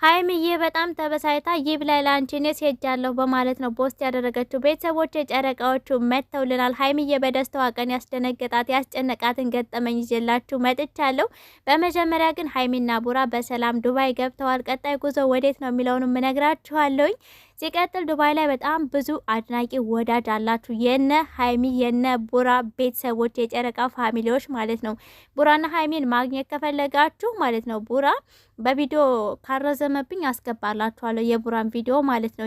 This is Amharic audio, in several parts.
Hi ሀይሚዬ በጣም ተበሳይታ ይብላኝ ላንቺ እኔ ስሄጃለሁ በማለት ነው ፖስት ያደረገችው። ቤተሰቦች የጨረቃዎቹ መጥተውልናል። ሀይምዬ በደስታዋ ቀን ያስደነገጣት ያስጨነቃትን ገጠመኝ ይዤላችሁ መጥቻለሁ። በመጀመሪያ ግን ሀይሚና ቡራ በሰላም ዱባይ ገብተዋል። ቀጣይ ጉዞ ወዴት ነው የሚለውን እነግራችኋለሁኝ። ሲቀጥል ዱባይ ላይ በጣም ብዙ አድናቂ ወዳጅ አላችሁ፣ የነ ሀይሚ የነ ቡራ ቤተሰቦች የጨረቃ ፋሚሊዎች ማለት ነው። ቡራና ሀይሚን ማግኘት ከፈለጋችሁ ማለት ነው ቡራ በቪዲዮ ካረዘመ ካለብኝ አስገባላችኋለሁ፣ የቡራን ቪዲዮ ማለት ነው።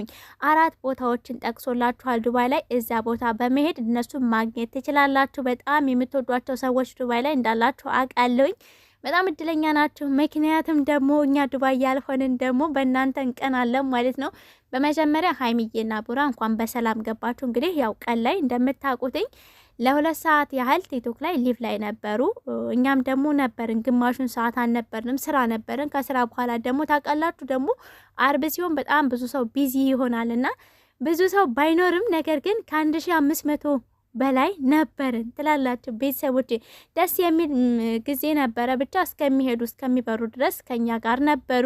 አራት ቦታዎችን ጠቅሶላችኋል ዱባይ ላይ። እዛ ቦታ በመሄድ እነሱን ማግኘት ትችላላችሁ። በጣም የምትወዷቸው ሰዎች ዱባይ ላይ እንዳላችሁ አውቃለሁኝ። በጣም እድለኛ ናችሁ። ምክንያቱም ደግሞ እኛ ዱባይ ያልሆንን ደግሞ በእናንተ እንቀናለን ማለት ነው። በመጀመሪያ ሀይሚዬና ቡራ እንኳን በሰላም ገባችሁ። እንግዲህ ያው ቀን ላይ እንደምታውቁትኝ ለሁለት ሰዓት ያህል ቲክቶክ ላይ ሊቭ ላይ ነበሩ። እኛም ደግሞ ነበርን፣ ግማሹን ሰዓት አልነበርንም፣ ስራ ነበርን። ከስራ በኋላ ደግሞ ታውቃላችሁ ደግሞ አርብ ሲሆን በጣም ብዙ ሰው ቢዚ ይሆናልና ብዙ ሰው ባይኖርም ነገር ግን ከአንድ ሺ አምስት መቶ በላይ ነበርን ትላላችሁ ቤተሰቦች። ደስ የሚል ጊዜ ነበረ። ብቻ እስከሚሄዱ እስከሚበሩ ድረስ ከኛ ጋር ነበሩ።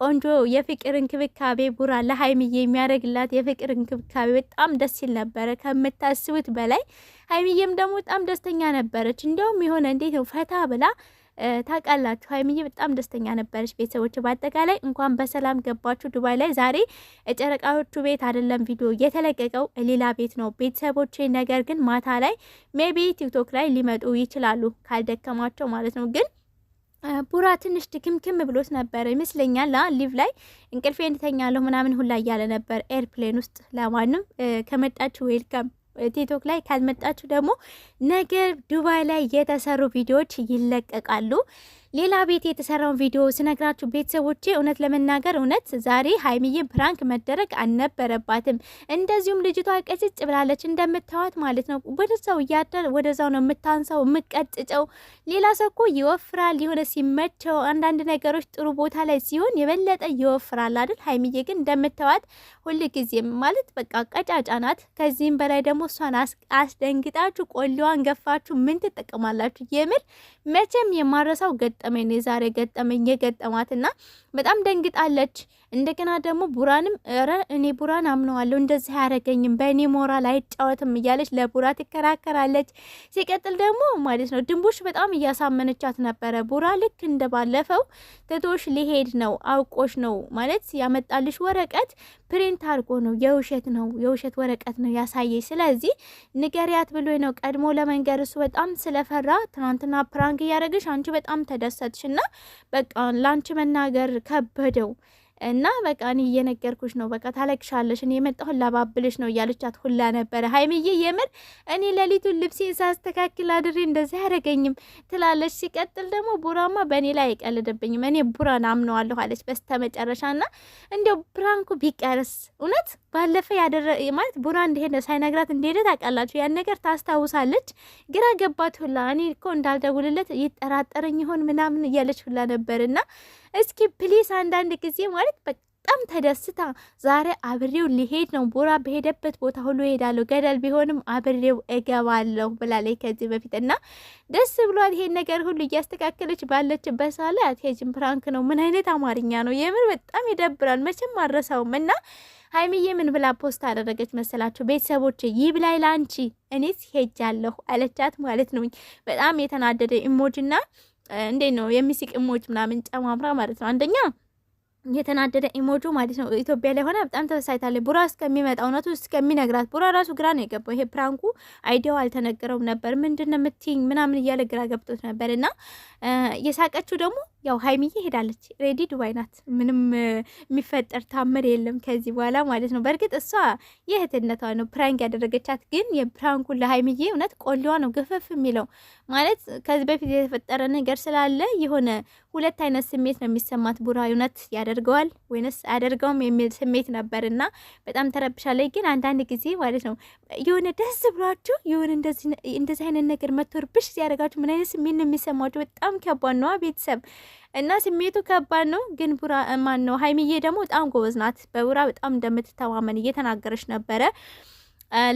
ቆንጆ የፍቅር እንክብካቤ ቡራ ለሀይምዬ የሚያደርግላት የፍቅር እንክብካቤ በጣም ደስ ይል ነበረ ከምታስቡት በላይ። ሀይሚዬም ደግሞ በጣም ደስተኛ ነበረች። እንዲያውም የሆነ እንዴት ነው ፈታ ብላ ታውቃላችሁ፣ ሀይሚዬ በጣም ደስተኛ ነበረች። ቤተሰቦች በአጠቃላይ እንኳን በሰላም ገባችሁ ዱባይ ላይ። ዛሬ ጨረቃዎቹ ቤት አይደለም ቪዲዮ የተለቀቀው ሌላ ቤት ነው ቤተሰቦች። ነገር ግን ማታ ላይ ሜቢ ቲክቶክ ላይ ሊመጡ ይችላሉ ካልደከማቸው ማለት ነው ግን ቡራ ትንሽ ድክምክም ብሎት ነበር ይመስለኛል። ሊቭ ላይ እንቅልፌ እንድተኛለሁ ምናምን ሁላ እያለ ነበር ኤርፕሌን ውስጥ። ለማንም ከመጣችሁ ዌልካም ቲክቶክ ላይ ካልመጣችሁ ደግሞ ነገ ዱባይ ላይ የተሰሩ ቪዲዮዎች ይለቀቃሉ። ሌላ ቤት የተሰራውን ቪዲዮ ስነግራችሁ ቤተሰቦቼ፣ እውነት ለመናገር እውነት ዛሬ ሀይሚዬ ፕራንክ መደረግ አልነበረባትም። እንደዚሁም ልጅቷ ቀጭጭ ብላለች እንደምታዋት ማለት ነው። ሰው እያደር ወደዛው ነው የምታንሳው የምቀጭጨው። ሌላ ሰው እኮ ይወፍራል የሆነ ሲመቸው፣ አንዳንድ ነገሮች ጥሩ ቦታ ላይ ሲሆን የበለጠ ይወፍራል አይደል? ሀይሚዬ ግን እንደምታዋት ሁል ጊዜም ማለት በቃ ቀጫጫ ናት። ከዚህም በላይ ደግሞ እሷን አስደንግጣችሁ ቆሌዋን ገፋችሁ ምን ትጠቀማላችሁ? የምር መቼም የማረሳው ገጠ ገጠመኝ ነው የዛሬ ገጠመኝ የገጠማትና በጣም ደንግጣለች። እንደገና ደግሞ ቡራንም ረ እኔ ቡራን አምነዋለሁ እንደዚህ አያረገኝም በእኔ ሞራል አይጫወትም እያለች ለቡራ ትከራከራለች። ሲቀጥል ደግሞ ማለት ነው ድንቦሽ በጣም እያሳመነቻት ነበረ። ቡራ ልክ እንደባለፈው ትቶሽ ሊሄድ ነው አውቆሽ ነው ማለት ያመጣልሽ ወረቀት ፕሪንት አድርጎ ነው የውሸት ነው የውሸት ወረቀት ነው ያሳየች። ስለዚህ ንገሪያት ብሎ ነው ቀድሞ ለመንገር እሱ በጣም ስለፈራ ትናንትና ፕራንክ እያደረግሽ አንቺ በጣም ተደስ ተጸጸትሽ እና በቃ ለአንቺ መናገር ከበደው እና በቃ እኔ እየነገርኩሽ ነው፣ በቃ ታለቅሻለሽ፣ እኔ የመጣሁን ላባብልሽ ነው እያለቻት ሁላ ነበረ። ሀይምዬ የምር እኔ ሌሊቱን ልብሴን ሳስተካክል አድሬ እንደዚህ አያደርገኝም ትላለች። ሲቀጥል ደግሞ ቡራማ በእኔ ላይ አይቀልድብኝም፣ እኔ ቡራን አምነዋለሁ አለች በስተመጨረሻ። እና እንዲያው ብራንኩ ቢቀርስ እውነት ባለፈ ያደረ ማለት ቡና እንደሄደ ሳይነግራት እንደሄደ ታውቃላችሁ። ያን ነገር ታስታውሳለች። ግራ ገባት ሁላ እኔ እኮ እንዳልደውልለት ይጠራጠረኝ ይሆን ምናምን እያለች ሁላ ነበር። እና እስኪ ፕሊስ አንዳንድ ጊዜ ማለት በጣም ተደስታ ዛሬ አብሬው ሊሄድ ነው፣ ቡራ በሄደበት ቦታ ሁሉ ይሄዳለሁ፣ ገደል ቢሆንም አብሬው እገባለሁ ብላለች ከዚህ በፊት እና ደስ ብሏል። ይሄን ነገር ሁሉ እያስተካከለች ባለችበት ሳለ አትሄጂም፣ ፕራንክ ነው። ምን አይነት አማርኛ ነው? የምር በጣም ይደብራል። መቼም አረሳውም እና ሀይሚዬ ምን ብላ ፖስት አደረገች መሰላችሁ? ቤተሰቦች ይብላኝ ላንቺ እኔስ ሄጃለሁ አለቻት ማለት ነው። በጣም የተናደደ ኢሞጅና እንዴት ነው የሚስቅ ኢሞጅ ምናምን ጨማምራ ማለት ነው አንደኛ የተናደደ ኢሞጆ ማለት ነው። ኢትዮጵያ ላይ ሆነ በጣም ተበሳጭታለች። ቡራ እስከሚመጣ እውነቱ እስከሚነግራት ቡራ ራሱ ግራ ነው የገባው። ይሄ ፕራንኩ አይዲያው አልተነገረውም ነበር። ምንድን ነው የምትይኝ ምናምን እያለ ግራ ገብቶት ነበር እና የሳቀችው ደግሞ ያው ሀይሚዬ ሄዳለች። ሬዲ ዱባይ ናት። ምንም የሚፈጠር ታምር የለም ከዚህ በኋላ ማለት ነው። በእርግጥ እሷ የእህትነቷ ነው ፕራንክ ያደረገቻት፣ ግን የፕራንኩ ለሀይሚዬ እውነት ቆሊዋ ነው ግፍፍ የሚለው ማለት ከዚህ በፊት የተፈጠረ ነገር ስላለ የሆነ ሁለት አይነት ስሜት ነው የሚሰማት። ቡራ እውነት ያደርገዋል ወይንስ አያደርገውም የሚል ስሜት ነበር እና በጣም ተረብሻለች። ግን አንዳንድ ጊዜ ማለት ነው የሆነ ደስ ብሏችሁ የሆነ እንደዚህ አይነት ነገር መቶርብሽ ሲያደርጋችሁ ምን አይነት ስሜት ነው የሚሰማችሁ? በጣም ከባድ ነዋ ቤተሰብ እና ስሜቱ ከባድ ነው። ግን ቡራ ማን ነው ሀይሚዬ ደግሞ በጣም ጎበዝ ናት። በቡራ በጣም እንደምትተማመን እየተናገረች ነበረ።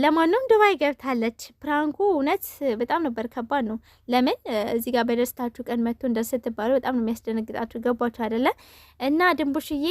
ለማንም ዱባይ ገብታለች። ፕራንኩ እውነት በጣም ነበር ከባድ ነው። ለምን እዚህ ጋር በደስታችሁ ቀን መጥቶ እንደስትባሉ በጣም ነው የሚያስደነግጣችሁ። ገባችሁ አይደለ? እና ድንቡሽዬ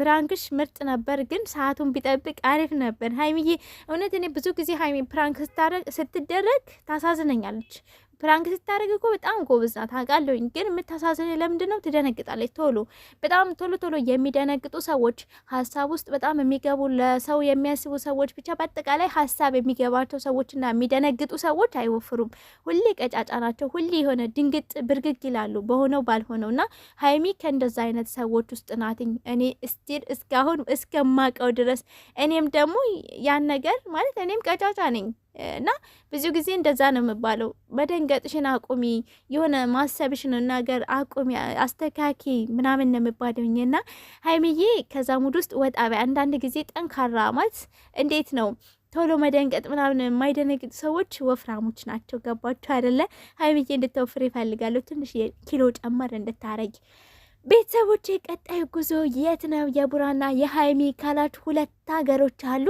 ፕራንክሽ ምርጥ ነበር፣ ግን ሰዓቱን ቢጠብቅ አሪፍ ነበር። ሀይሚዬ እውነት እኔ ብዙ ጊዜ ሀይሚ ፕራንክ ስታደረግ ስትደረግ ታሳዝነኛለች። ፕራንክ ስታደርግ እኮ በጣም ጎበዝ ናት አውቃለሁኝ። ግን የምታሳዝን ለምንድን ነው ትደነግጣለች? ቶሎ በጣም ቶሎ ቶሎ የሚደነግጡ ሰዎች፣ ሀሳብ ውስጥ በጣም የሚገቡ ለሰው የሚያስቡ ሰዎች፣ ብቻ በአጠቃላይ ሀሳብ የሚገባቸው ሰዎችና የሚደነግጡ ሰዎች አይወፍሩም። ሁሌ ቀጫጫ ናቸው። ሁሌ የሆነ ድንግጥ ብርግግ ይላሉ በሆነው ባልሆነው እና ሀይሚ ከእንደዛ አይነት ሰዎች ውስጥ ናትኝ እኔ እስቲል እስካሁን እስከማቀው ድረስ እኔም ደግሞ ያን ነገር ማለት እኔም ቀጫጫ ነኝ እና ብዙ ጊዜ እንደዛ ነው የምባለው። መደንገጥሽን አቁሚ፣ የሆነ ማሰብሽን ነገር አቁሚ፣ አስተካኪ ምናምን ነው የምባለውኝ። እና ሀይሚዬ ከዛ ሙድ ውስጥ ወጣ በይ። አንዳንድ ጊዜ ጠንካራ ማለት እንዴት ነው ቶሎ መደንገጥ ምናምን የማይደነግጥ ሰዎች ወፍራሞች ናቸው። ገባችሁ አይደለ? ሀይሚዬ እንድትወፍር ይፈልጋሉ። ትንሽ ኪሎ ጨመር እንድታረጊ ቤተሰቦች ቀጣይ ጉዞ የት ነው? የቡራና የሀይሚ ካላችሁ ሁለት ሀገሮች አሉ።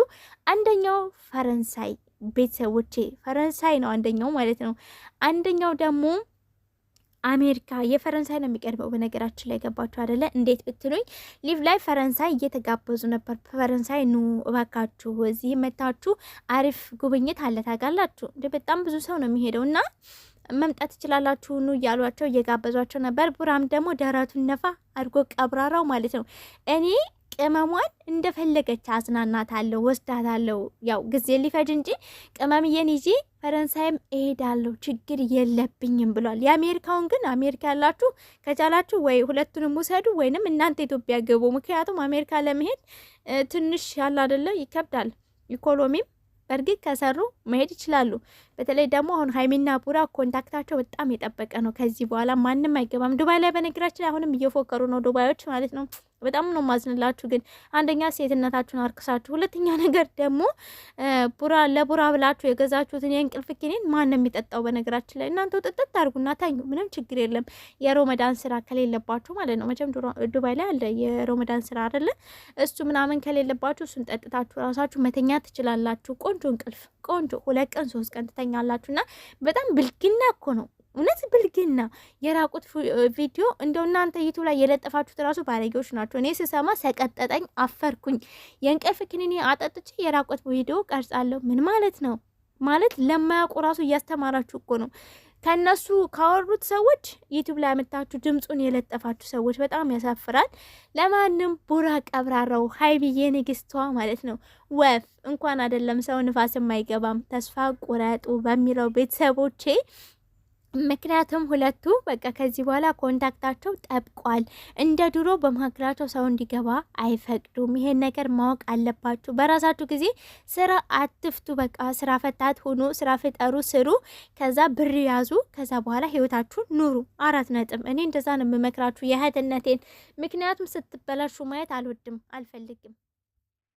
አንደኛው ፈረንሳይ ቤተሰቦቼ ፈረንሳይ ነው አንደኛው ማለት ነው። አንደኛው ደግሞ አሜሪካ የፈረንሳይ ነው የሚቀርበው በነገራችን ላይ ገባችሁ አደለ? እንዴት ብትሉኝ ሊቭ ላይ ፈረንሳይ እየተጋበዙ ነበር። ፈረንሳይ ኑ እባካችሁ፣ እዚህ መታችሁ አሪፍ ጉብኝት አለ ታውቃላችሁ። እንደ በጣም ብዙ ሰው ነው የሚሄደው እና መምጣት ትችላላችሁ ኑ እያሏቸው እየጋበዟቸው ነበር። ቡራም ደግሞ ደረቱን ነፋ አድርጎ ቀብራራው ማለት ነው እኔ ቅመሟን እንደፈለገች አዝናናታለሁ፣ ወስዳታለሁ። ያው ጊዜ ሊፈጅ እንጂ ቅመምዬን ይዤ ፈረንሳይም እሄዳለሁ፣ ችግር የለብኝም ብሏል። የአሜሪካውን ግን አሜሪካ ያላችሁ ከቻላችሁ ወይ ሁለቱንም ውሰዱ ወይንም እናንተ ኢትዮጵያ ግቡ። ምክንያቱም አሜሪካ ለመሄድ ትንሽ ያለ ይከብዳል። ኢኮኖሚም በእርግጥ ከሰሩ መሄድ ይችላሉ። በተለይ ደግሞ አሁን ሀይሚና ቡራ ኮንታክታቸው በጣም የጠበቀ ነው። ከዚህ በኋላ ማንም አይገባም ዱባይ ላይ። በነገራችን አሁንም እየፎከሩ ነው ዱባዮች ማለት ነው። በጣም ነው ማዝንላችሁ። ግን አንደኛ ሴትነታችሁን አርክሳችሁ፣ ሁለተኛ ነገር ደግሞ ቡራ ለቡራ ብላችሁ የገዛችሁትን የእንቅልፍ ኪኒን ማን የሚጠጣው? በነገራችን ላይ እናንተ ጥጥት አድርጉና ታኙ። ምንም ችግር የለም። የሮመዳን ስራ ከሌለባችሁ ማለት ነው። መቼም ዱባይ ላይ አለ የሮመዳን ስራ አይደለ? እሱ ምናምን ከሌለባችሁ እሱን ጠጥታችሁ ራሳችሁ መተኛ ትችላላችሁ። ቆንጆ እንቅልፍ ቆንጆ ሁለት ቀን ሶስት ቀን ታገኙታላችሁ። በጣም ብልግና እኮ ነው እውነት ብልግና የራቁት ቪዲዮ እንደው እናንተ ይቱ ላይ የለጠፋችሁት ራሱ ባለጌዎች ናቸው። እኔ ስሰማ ሰቀጠጠኝ፣ አፈርኩኝ። የእንቅልፍ ክኒኒ አጠጥቼ የራቁት ቪዲዮ ቀርጻለሁ። ምን ማለት ነው? ማለት ለማያውቁ ራሱ እያስተማራችሁ እኮ ነው። ከነሱ ካወሩት ሰዎች ዩቲዩብ ላይ ያመጣችሁ ድምፁን የለጠፋችሁ ሰዎች በጣም ያሳፍራል። ለማንም ቡራ ቀብራራው ሀይሚዬ ንግስቷ ማለት ነው ወፍ እንኳን አይደለም ሰው ንፋስም አይገባም። ተስፋ ቁረጡ በሚለው ቤተሰቦቼ ምክንያቱም ሁለቱ በቃ ከዚህ በኋላ ኮንታክታቸው ጠብቋል። እንደ ድሮ በመካከላቸው ሰው እንዲገባ አይፈቅዱም። ይሄን ነገር ማወቅ አለባችሁ። በራሳችሁ ጊዜ ስራ አትፍቱ። በቃ ስራ ፈታት ሁኑ፣ ስራ ፍጠሩ፣ ስሩ፣ ከዛ ብር ያዙ፣ ከዛ በኋላ ህይወታችሁ ኑሩ። አራት ነጥብ። እኔ እንደዛ ነው የምመክራችሁ የእህትነቴን። ምክንያቱም ስትበላሹ ማየት አልወድም፣ አልፈልግም።